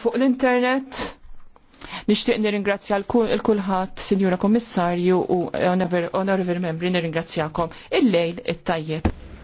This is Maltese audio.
fuq l-internet. Nishtiq nirringrazzja l-kulħat, Sinjura Kommissarju u Honorable Membri, nirringrazzjakom il-lejl it-tajjeb.